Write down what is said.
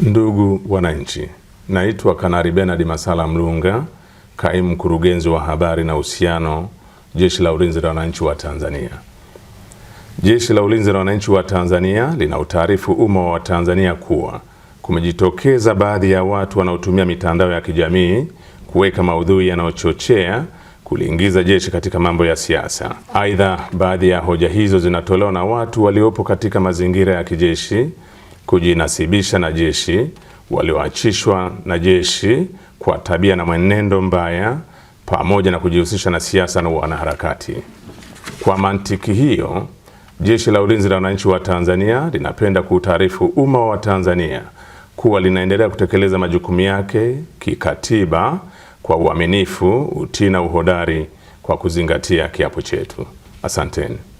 Ndugu wananchi, naitwa Kanari Benard Masala Mlunga, kaimu mkurugenzi wa habari na uhusiano, Jeshi la Ulinzi la Wananchi wa Tanzania. Jeshi la Ulinzi la Wananchi wa Tanzania lina utaarifu umma wa Watanzania kuwa kumejitokeza baadhi ya watu wanaotumia mitandao ya kijamii kuweka maudhui yanayochochea kuliingiza jeshi katika mambo ya siasa. Aidha, baadhi ya hoja hizo zinatolewa na watu waliopo katika mazingira ya kijeshi kujinasibisha na jeshi, walioachishwa na jeshi kwa tabia na mwenendo mbaya, pamoja na kujihusisha na siasa na wanaharakati. Kwa mantiki hiyo, Jeshi la Ulinzi la Wananchi wa Tanzania linapenda kuutaarifu umma wa Tanzania kuwa linaendelea kutekeleza majukumu yake kikatiba kwa uaminifu, utii na uhodari kwa kuzingatia kiapo chetu. Asanteni.